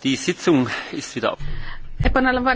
η